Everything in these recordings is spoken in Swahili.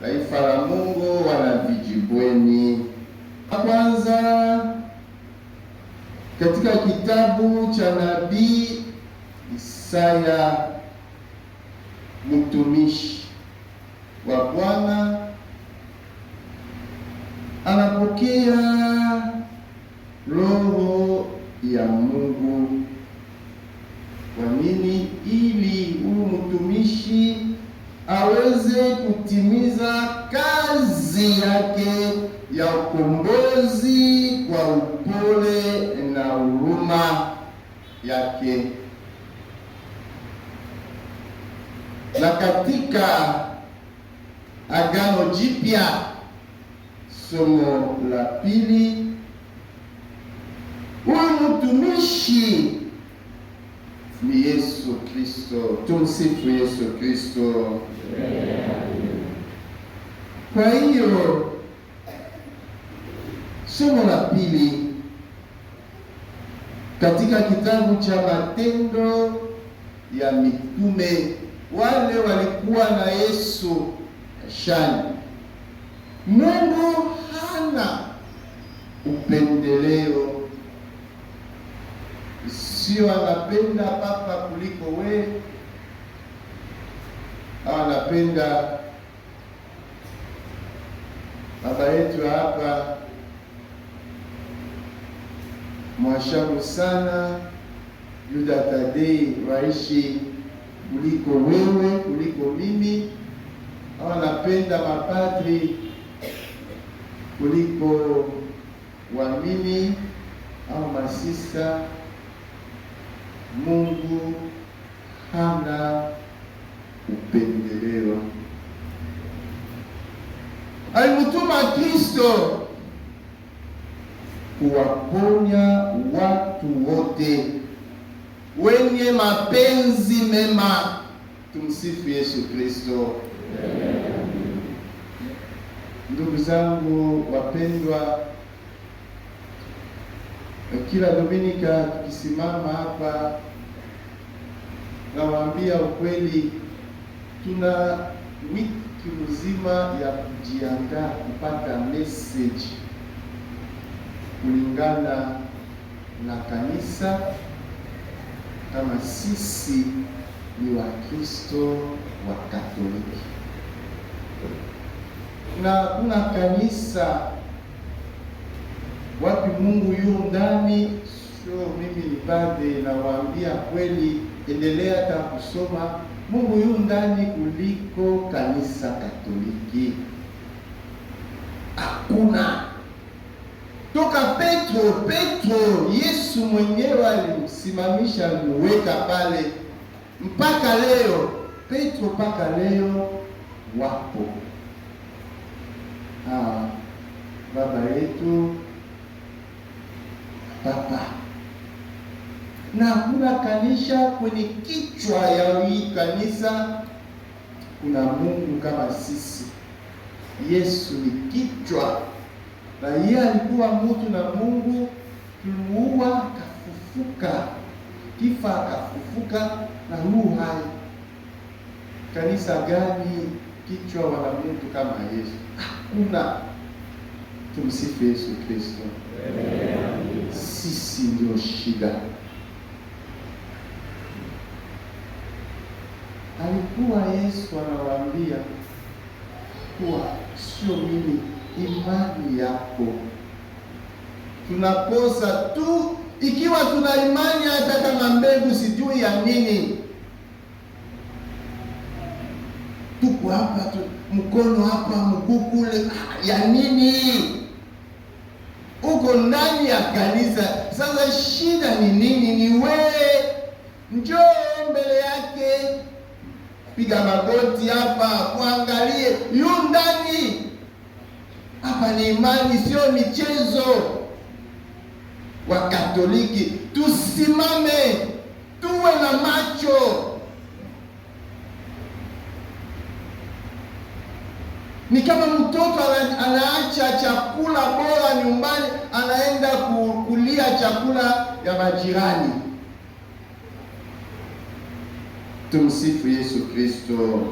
Taifa la Mungu, wanavijibweni. Kwanza katika kitabu cha nabii Isaya mtumishi wa Bwana anapokea roho ya Mungu. Kwa nini? Ili huyu mtumishi aweze kutimiza kazi yake ya ukombozi kwa upole na huruma yake. Na katika Agano Jipya, somo la pili, huyu mtumishi ni Yesu Kristo. Tumsifu Yesu Kristo. Kwa hiyo somo la pili katika kitabu cha Matendo ya Mitume, wale walikuwa na Yesu shani. Mungu hana upendeleo sio anapenda papa kuliko we, anapenda baba yetu hapa mwashamu sana Yuda Tadei waishi kuliko wewe kuliko mimi, au anapenda mapadri kuliko mimi au masista Mungu hana upendeleo. Alimtuma Kristo kuwaponya watu wote wenye mapenzi mema. Tumsifu Yesu Kristo. Ndugu zangu wapendwa, kila Dominika tukisimama hapa nawaambia ukweli, tuna wiki mzima ya kujiandaa kupata message kulingana na kanisa kama sisi ni Wakristo wa Katoliki, na kuna kanisa wapi Mungu yu ndani. Sio mimi ni padre, nawaambia kweli endelea hata kusoma Mungu yu ndani kuliko kanisa Katoliki. Hakuna toka Petro. Petro Yesu mwenyewe alimsimamisha muweka pale mpaka leo. Petro mpaka leo wapo. Ah, baba yetu papa na kuna kanisa kwenye kichwa ya hii kanisa kuna Mungu kama sisi. Yesu ni kichwa, na yeye alikuwa mtu na Mungu, tulimuua akafufuka, kifa akafufuka na huu hai. Kanisa gani kichwa wana mtu kama Yesu? Hakuna. Tumsifu Yesu Kristo. Sisi ndio shida. alikuwa Yesu anawaambia kuwa sio mimi, imani yako. Tunakosa tu ikiwa tuna imani hata kama mbegu sijui ya nini. Tuko hapa tu, mkono hapa, mguu kule, ya nini? Uko ndani ya kanisa. Sasa shida ni nini? Ni wewe, njoo mbele yake piga magoti hapa, kuangalie yu ndani hapa. Ni imani, sio michezo. Wakatoliki tusimame, tuwe na macho. Ni kama mtoto anaacha chakula bora nyumbani, anaenda kukulia chakula ya majirani. Tumsifu Yesu Kristo.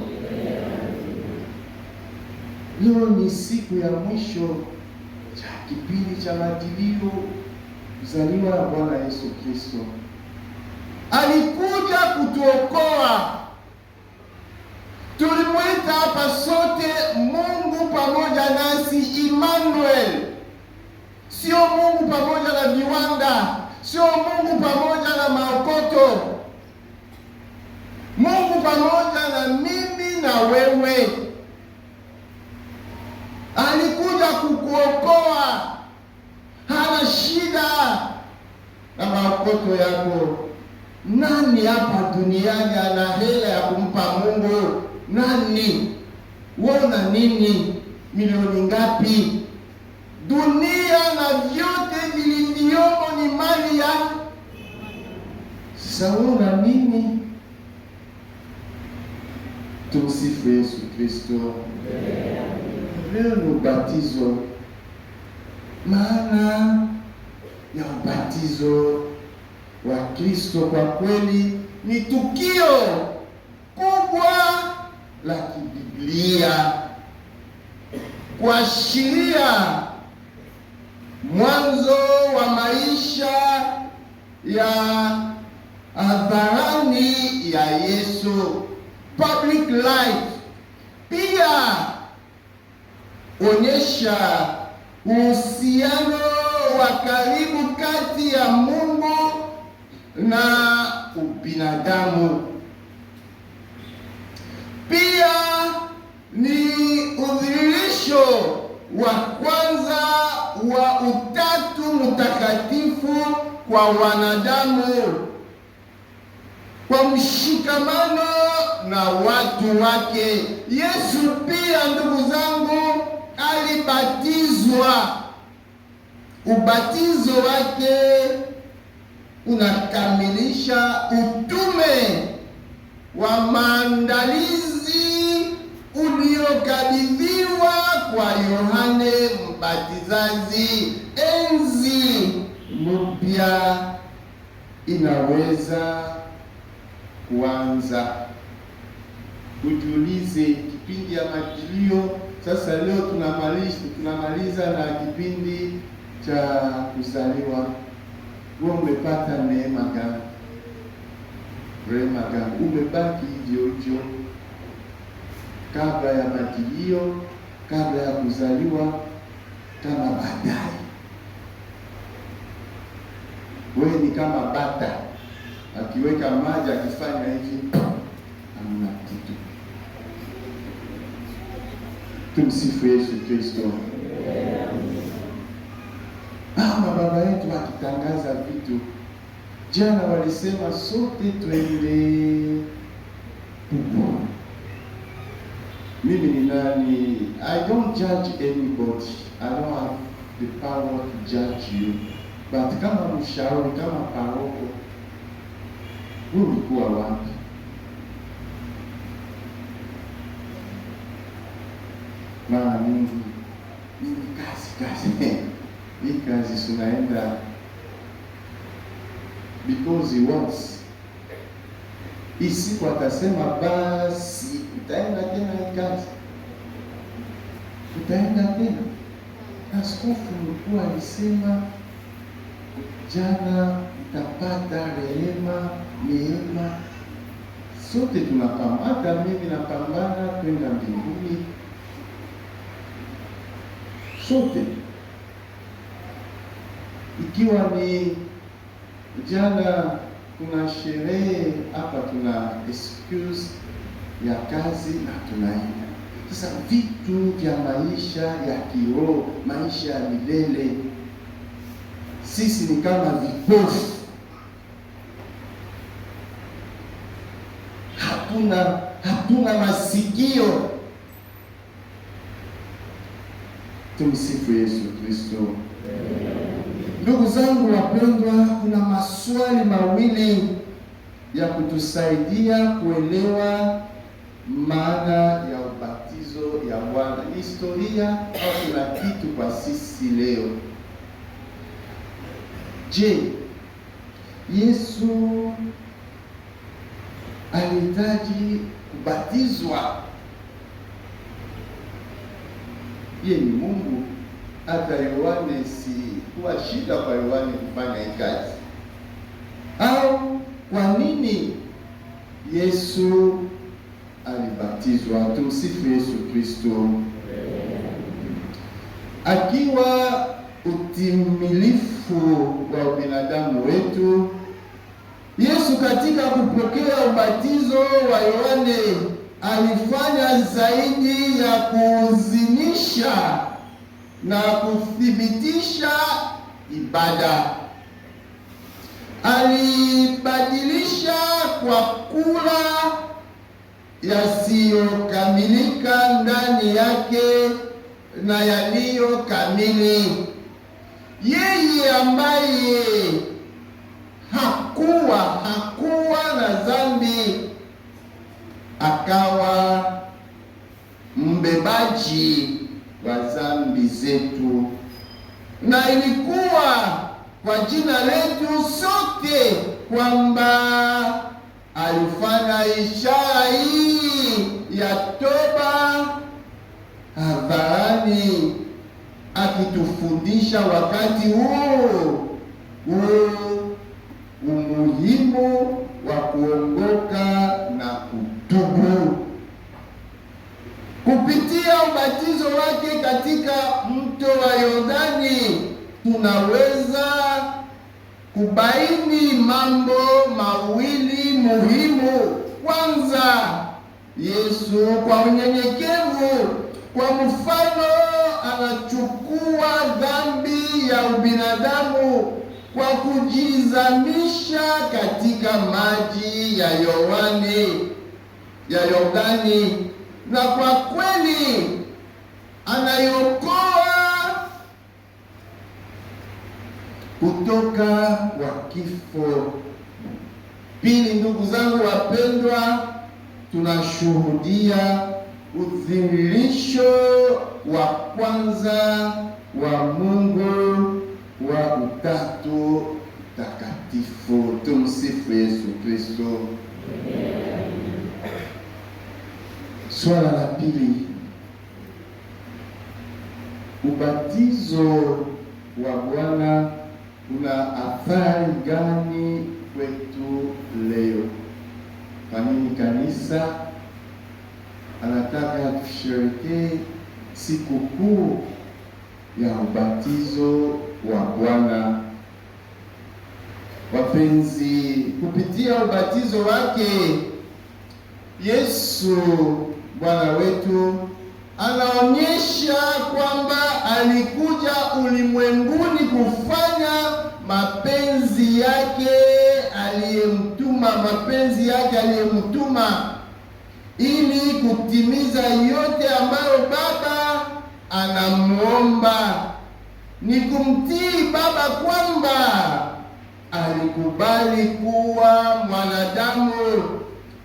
Leo ni siku ya mwisho cha kipindi cha majilio kuzaliwa na Bwana Yesu Kristo. Alikuja kutuokoa. Tulimwita hapa sote Mungu pamoja nasi Immanuel. Sio Mungu pamoja na viwanda, sio Mungu pamoja na maokoto Mungu pamoja na mimi na wewe alikuja kukuokoa, hana shida na makoto yako. Nani hapa duniani ana hela ya kumpa Mungu? Nani? Wona nini? Milioni ngapi? Dunia na vyote vilivyomo ni mali ya sauna mimi Tumsifu Yesu Kristo. Leo ni ubatizo. Maana ya ubatizo wa Kristo kwa kweli ni tukio kubwa la kibiblia, kuashiria mwanzo wa maisha ya hadharani ya Yesu public life. Pia onyesha uhusiano wa karibu kati ya Mungu na ubinadamu. Pia ni udhihirisho wa kwanza wa Utatu Mtakatifu kwa wanadamu kwa mshikamano na watu wake. Yesu pia, ndugu zangu, alibatizwa. Ubatizo wake unakamilisha utume wa maandalizi uliokabidhiwa kwa Yohane Mbatizaji. Enzi mpya inaweza kuanza. Ujiulize, kipindi ya majilio sasa. Leo tunamaliza tunamaliza na kipindi cha kuzaliwa. Wewe umepata neema gani? Rehema gani? Umebaki hivyo hivyo kabla ya majilio, kabla ya kuzaliwa, kama baadaye wewe ni kama bata akiweka maji, akifanya hivi, hamna kitu. Tumsifu Yesu Kristo. Ama ah, baba yetu akitangaza vitu jana, walisema sote twende huko. Mimi ni nani? I don't judge anybody. I don't have the power to judge you, but kama mshauri, kama paroko ulikuwa wapi? Mara mingi hii kazi kazi hii kazi sunaenda because once hii siku atasema basi utaenda tena hii kazi utaenda tena. Askofu mkuu alisema jana tapata rehema, neema, sote tunapambana, mimi napambana kwenda mbinguni, sote ikiwa ni jana kuna sherehe hapa, tuna excuse ya kazi na tunaenda sasa. Vitu vya maisha ya kiroho, maisha ya milele, sisi ni kama vipofu hakuna hakuna masikio. Tumsifu Yesu Kristo. Ndugu zangu wapendwa, kuna maswali mawili ya kutusaidia kuelewa maana ya ubatizo ya Bwana, historia au kuna kitu kwa sisi leo. Je, Yesu alihitaji kubatizwa. Yeye ni Mungu, hata Yohane si kuwa shida kwa Yohane kufanya hii kazi. Au kwa nini Yesu alibatizwa? Tumsifu Yesu Kristo. Akiwa utimilifu wa ubinadamu wetu Yesu katika kupokea ubatizo wa Yohane alifanya zaidi ya kuuzinisha na kuthibitisha ibada, alibadilisha kwa kula yasiyokamilika ndani yake na yaliyo kamili. Yeye ambaye na ilikuwa kwa jina letu sote kwamba alifanya ishara hii ya toba hadharani, akitufundisha wakati huu huu umuhimu wa kuongoka na kutubu kupitia ubatizo wake katika mto wa Yordani tunaweza kubaini mambo mawili muhimu. Kwanza, Yesu kwa unyenyekevu, kwa mfano, anachukua dhambi ya ubinadamu kwa kujizamisha katika maji ya Yohane ya Yordani, na kwa kweli anayokoa kutoka wa kifo. Pili, ndugu zangu wapendwa, tunashuhudia udhihirisho wa kwanza wa Mungu wa Utatu Mtakatifu. Tumsifu Yesu Kristo. Swala la pili, ubatizo wa Bwana kuna athari gani kwetu leo? Kwa nini kanisa anataka tusherekee siku kuu ya ubatizo wa Bwana? Wapenzi, kupitia ubatizo wake Yesu Bwana wetu anaonyesha kwamba alikuja ulimwenguni kufu mapenzi yake aliyemtuma, mapenzi yake aliyemtuma, ili kutimiza yote ambayo Baba anamwomba. Ni kumtii Baba kwamba alikubali kuwa mwanadamu.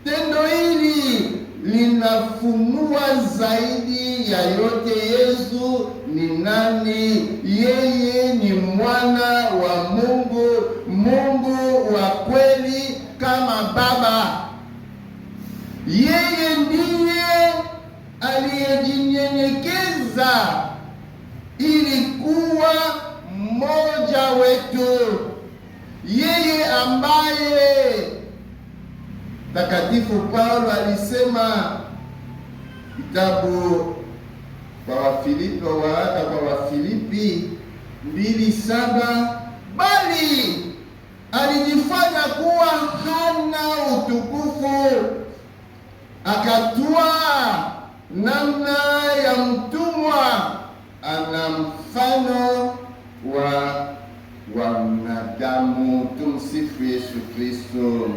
Tendo hili linafunua zaidi ya yote Yesu ni nani. Yeye ni mwana ilikuwa mmoja wetu, yeye ambaye Mtakatifu Paulo alisema kitabu kwa Wafilipi waraka kwa Wafilipi mbili saba bali alijifanya kuwa hana utukufu, akatua namna ya mtu kuwa ana mfano wa wa mwanadamu. Tumsifu Yesu Kristo.